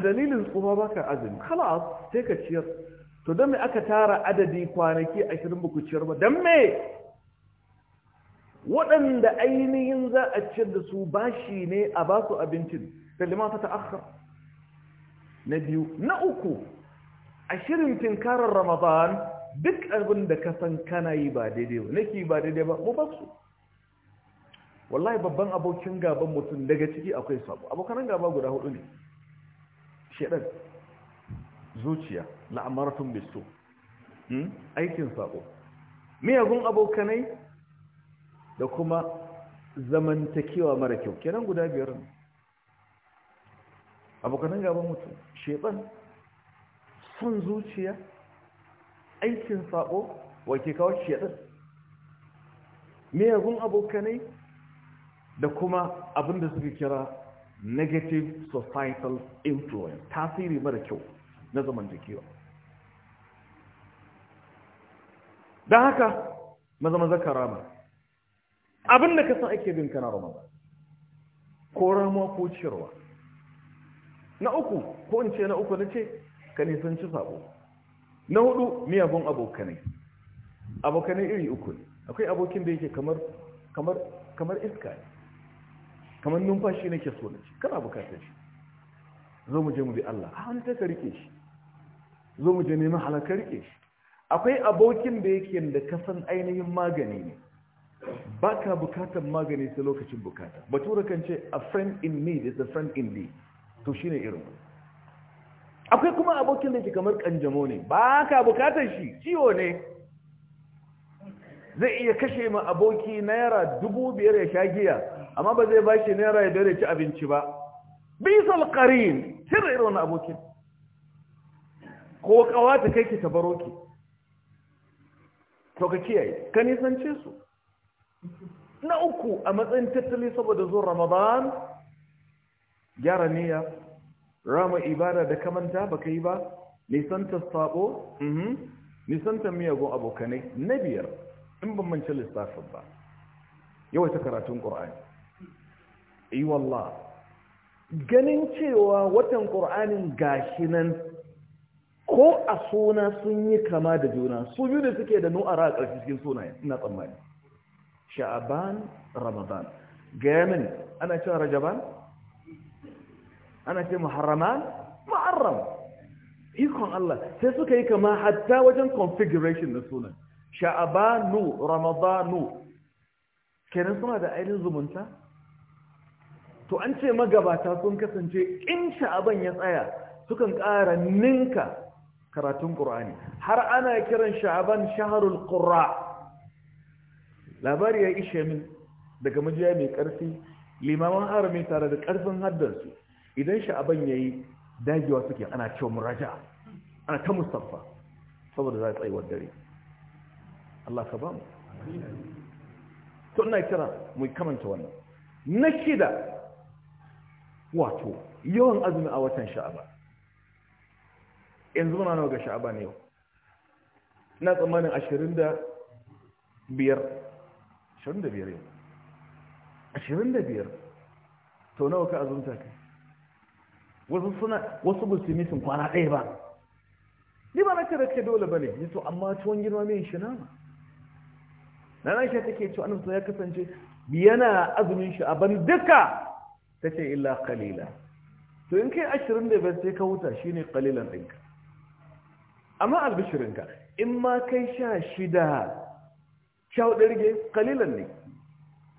a dalilin tsufa baka azumi khalas sai ka ciyar to don me aka tara adadi kwanaki ashirin baku ciyar ba dan me waɗanda ainihin za a ciyar da su bashi ne a ba su abincin kalima ta ta'akhar na biyu na uku a shirin tinkarar ramadan duk abin da ka san kana yi ba daidai ba nake ba daidai ba mu ba su wallahi babban abokin gaban mutum daga ciki akwai sabo abokan gaba guda hudu ne shedan zuciya la'amaratun bisu hmm? aikin sako miyagun abokanai da kuma zamantakewa mara kyau kenan guda biyar abokanan gaban mutum shedan son zuciya aikin sako wake kawo shedan miyagun abokanai da kuma abinda suka kira negative societal influence tasiri mara kyau na zamantakewa don haka maza-maza ka rama abinda ka san ake bin kana rama ba ko rama ko cirwa na uku ko in ce na uku na ce ka nisanci sabo na hudu miyagun abokanai abokanai iri uku akwai abokin da yake kamar kamar iska ne kamar numfashi nake so na ci kana bukatar shi zo mu je mu bi Allah a wani ka rike shi zo mu je neman halaka rike shi akwai abokin da yake da kasan ainihin magani ne ba ka bukatar magani sai lokacin bukata tura kan ce a friend in need is a friend in need to shine irin akwai kuma abokin da ke kamar kanjamo ne ba ka bukatar shi ciwo ne zai iya kashe ma aboki naira dubu biyar ya sha giya amma ba zai bashi naira ya dare ci abinci ba bisal qarin sirri irin abokin ko kawa ta kai ki ta baro ki to ka kiyaye ka nisance su na uku a matsayin tattali saboda zuwan ramadan gyara niyya rama ibada da kamanta baka yi ba nisanta sabo mhm, nisanta miyagun abokanai na biyar in ban manci lissafin ba ta karatun ƙur'ani yi wallah ganin cewa watan ƙur'anin gashi nan ko a suna sun yi kama da juna su yi da suke da nu'ara a ƙarfi cikin sunayen ina tsammani sha'aban ramadan gamin ana cewa rajaban ana ce muharraman muharram ikon Allah sai suka yi kama hatta wajen configuration na sunan sha'abanu ramadanu kenan suna da ainihin zumunta to an ce magabata sun kasance in sha'aban ya tsaya sukan ƙara ninka karatun ƙur'ani har ana kiran sha'aban shaharul ƙura labari ya ishe min daga majiya mai ƙarfi limaman harami tare da ƙarfin haddarsu idan sha'aban ya yi dagewa suke ana cewa muraja ana ta musamman saboda za a tsayuwar dare Allah ka ba mu to ina kira mu kamanta wannan na shida wato yawan azumi a watan sha'aba yanzu muna nawa ga sha'aba ne yau na tsammanin 25 biyar yau biyar? to nawa ka azumta kai wasu suna wasu musulmi sun kwana ɗaya ba ni ba na ce da ke dole ba ne ni to amma tuwon girma mai shi nama na nan shi take cewa annabi ya kasance yana azumin shi a ban duka ta ce illa kalila to in kai ashirin da bai sai ka huta shi ne kalilan ɗinka amma albishirinka in ma kai sha shida sha hudu rige kalilan ne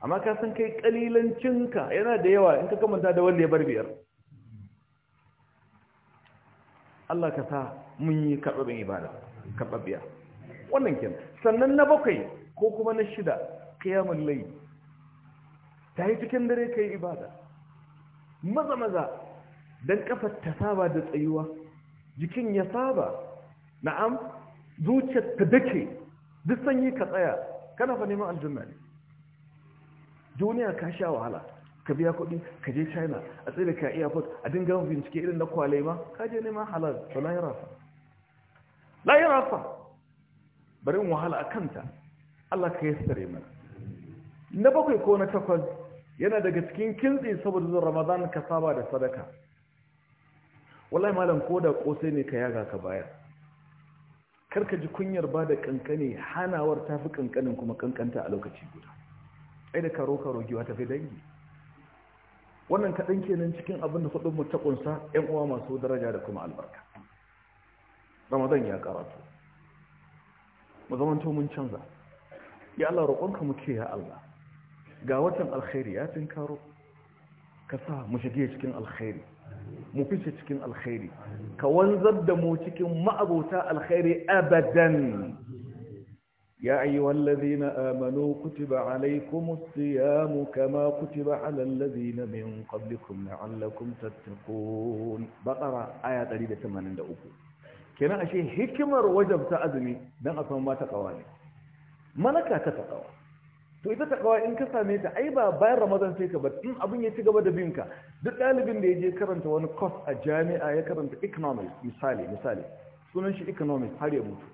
amma ka san kai kalilancinka yana da yawa in ka kamanta da wanda ya bar biyar Allah ka sa mun yi karɓaɓɓen ibada karɓaɓɓiya wannan kenan sannan na bakwai ko kuma na shida kiyamun lai ta yi cikin dare ka yi ibada maza maza don kafar ta saba da tsayuwa jikin ya saba na'am zuciyar ta dake duk sanyi ka tsaya kana fa neman aljanna ne duniya ka sha wahala ka biya kuɗi ka je china a tsere ka airport a dinga bincike irin na kwale ma ka je neman halal to rafa. Na yi rafa. bari in wahala a kanta Allah ka yassare mana na bakwai ko na takwas yana daga cikin kintsi saboda zuwa ramadan ka saba da sadaka wallahi malam ko da kosai ne ka yaga ka bayar ka ji kunyar ba da kankane hanawar ta fi kankanin kuma kankanta a lokaci guda ai da karo karo giwa ta fi dangi wannan kaɗan kenan cikin abin da faɗin mu ta ƙunsa ‘yan uwa masu daraja da kuma albarka ramadan ya karatu mu zamanto mun canza ya Allah roƙonka muke ya Allah ga watan alkhairi ya tinkaro ka sa mu shige cikin alkhairi mu fice cikin alkhairi ka wanzar da mu cikin ma'abota alkhairi abadan ya ayyuhal ladhina amanu kutiba alaykumus siyamu kama kutiba alal ladhina min qablikum la'allakum tattaqun baqara aya 183 kenan ashe hikimar wajabta azumi dan a san mata kawa ne malaka ta takawa to ita takawa in ka same ta ai ba bayan ramadan sai ka ba in abin ya ci gaba da binka duk ɗalibin da ya je karanta wani course a jami'a ya karanta economics misali misali sunan shi economics har ya mutu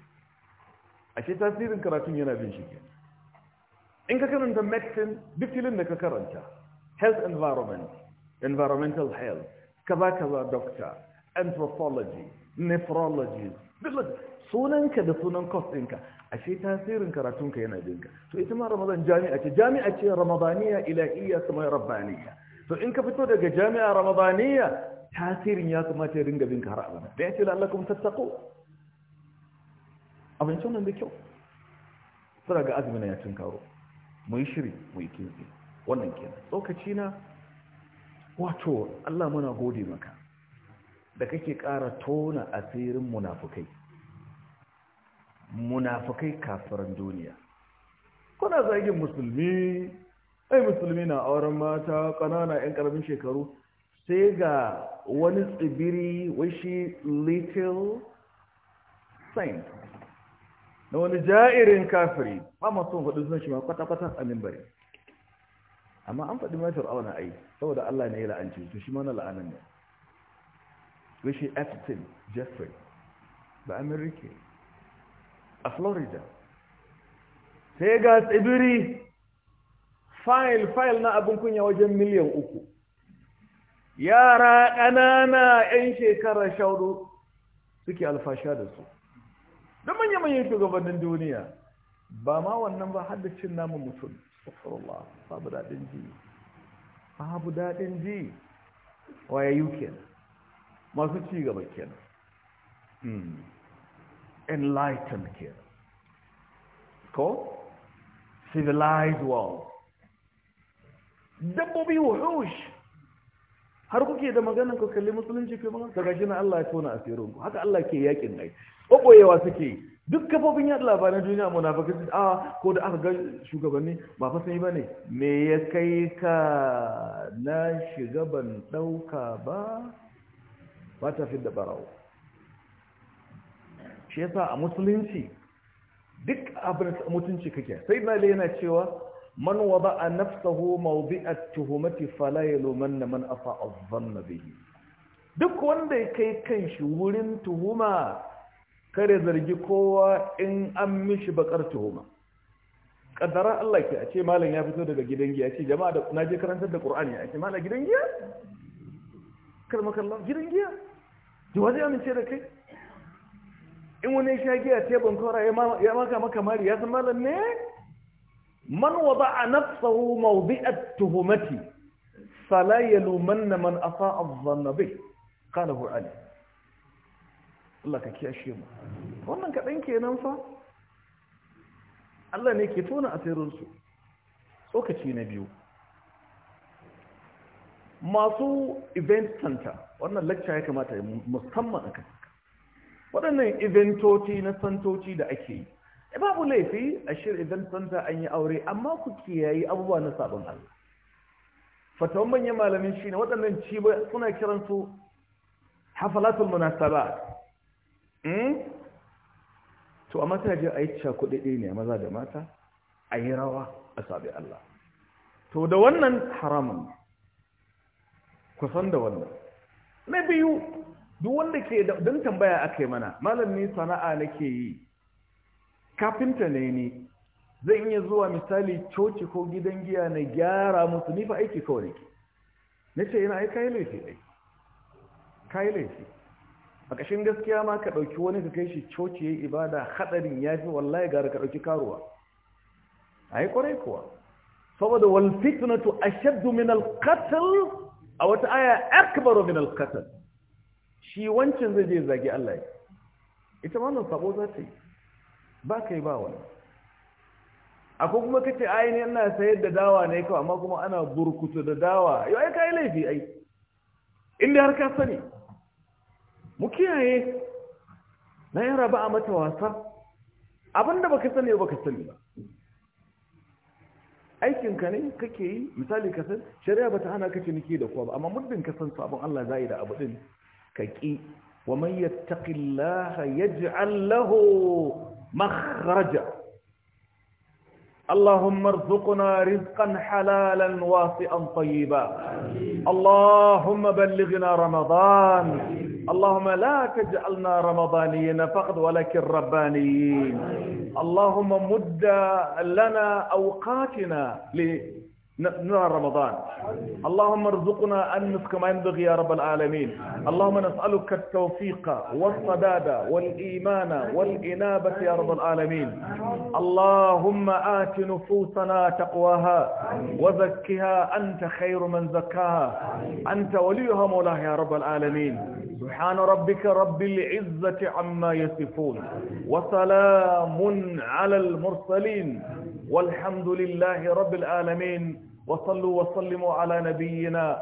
ashe tasirin karatun yana bin shi ke in ka karanta medicine duk filin da ka karanta health environment environmental health kaza kaza doctor anthropology nephrology sunan ka da sunan course ɗinka ashe tasirin karatunka yana jinka to ita ma ramadan jami'a ce jami'a ce ramadaniya ilahiyya kuma rabbaniya to in ka fito daga jami'a ramadaniya tasirin ya kamata ya dinga binka har abada da yace la'allakum tattaqu abin sunan da kyau Sura ga azumi na ya karo. mu yi shiri mu yi kinsi wannan kenan Lokaci na wato Allah muna gode maka da kake ƙara tona asirin munafukai munafikai kafiran duniya kuna zagin musulmi ai musulmi na auren mata ƙanana 'yan ƙaramin shekaru sai ga wani tsibiri wishi little saint na wani ja'irin kafiri ba masu faɗi suna shi ma kwata-kwata a mimbari amma an faɗi mai fir'auna ai saboda Allah ne ya la'anci su shi mana la'anan ne wishi Epstein Jeffrey ba Amerika a florida sai ga tsibiri fayil-fayil na abin kunya wajen miliyan uku yara ƙanana 'yan shekara shauru suke alfasha da su da manya-manyan shugabannin duniya ba ma wannan ba haddacin namun mutum tsofarwa babu daɗin ji babu daɗin ji waya yi kenan masu ci gaba kenan hmm. enlightened here. Ko? Civilized world. Dabbobi wahush. Har kuke da magana ko kalli musulunci fi magana? Daga shi na Allah ya tona asirin ku. Haka Allah ke yakin nai. Ƙwaƙwayewa suke duk kafofin yada labaran duniya munafakai su a ah, ko da aka ga shugabanni ba fa ba bane me ya kai ka na shiga ban ba ba ta fi da barawo shi yasa a musulunci duk abin mutunci kake sai na yana cewa man wada a nafsahu mawdi'at tuhumati fala yalumanna man afa adhanna bihi duk wanda ya kai kanshi wurin tuhuma kare zargi kowa in an mishi bakar tuhuma kaddara Allah ke a ce malam ya fito daga gidan giya ce jama'a da na je karantar da Qur'ani a ce malam gidan giya kar makalla gidan giya ji waje amince da kai in wani sha giya teban kora ya maka maka mari ya san malam ne man wada'a nafsahu mawdi'at tuhumati fala yalumanna man asa'a dhanna bih qalahu ali Allah ka kiyashe mu wannan kadan kenan fa Allah ne ke tona asirin su tsokaci na biyu masu event center wannan lecture ya kamata musamman akan waɗannan iventoci na santoci da ake yi e babu laifi a shir idan santa an yi aure amma ku kiyaye abubuwa na sabon Allah fatawan manyan malamin shi ne waɗannan ciba suna kiransu hafalatul munasaba hmm? to amma ta je a yi kudi-kudi ne maza da mata a yi rawa a sabi Allah to da wannan haramun kusan da wannan na biyu duk wanda ke don tambaya aka yi mana malam ni sana'a nake yi kafinta ne ni zan iya zuwa misali coci ko gidan giya na gyara musu ni fa aiki kawai ke. na ce yana ai kayi laifi ai kayi laifi a ƙashin gaskiya ma ka ɗauki wani ka kai shi coci ya ibada haɗarin ya fi wallahi gara ka ɗauki karuwa a yi ƙwarai kuwa saboda wal fitnatu ashaddu min al a wata aya akbaru min al shi wancan zai je zage, Allah ya ita wannan sabo za ta yi ba ka yi ba wani akwai kuma kace ai ne ina sayar da dawa ne kawai amma kuma ana burkutu da dawa yau ai kai laifi ai inda har ka sani mu kiyaye na yara ba a mata wasa abinda baka sani ba ka sani ba aikinka ne kake yi misali ka san shari'a bata hana ka niki da kowa ba amma muddin ka san sabon Allah zai da abu din kaki ومن يتق الله يجعل له مخرجا اللهم ارزقنا رزقا حلالا واسعا طيبا اللهم بلغنا رمضان اللهم لا تجعلنا رمضانيين فقط ولكن ربانيين اللهم مد لنا أوقاتنا نرى رمضان اللهم ارزقنا أن كما ينبغي يا رب العالمين اللهم نسألك التوفيق والصداد والإيمان والإنابة يا رب العالمين اللهم آت نفوسنا تقواها وزكها أنت خير من زكاها أنت وليها مولاه يا رب العالمين سبحان ربك رب العزة عما يصفون وسلام على المرسلين والحمد لله رب العالمين وصلوا وسلموا على نبينا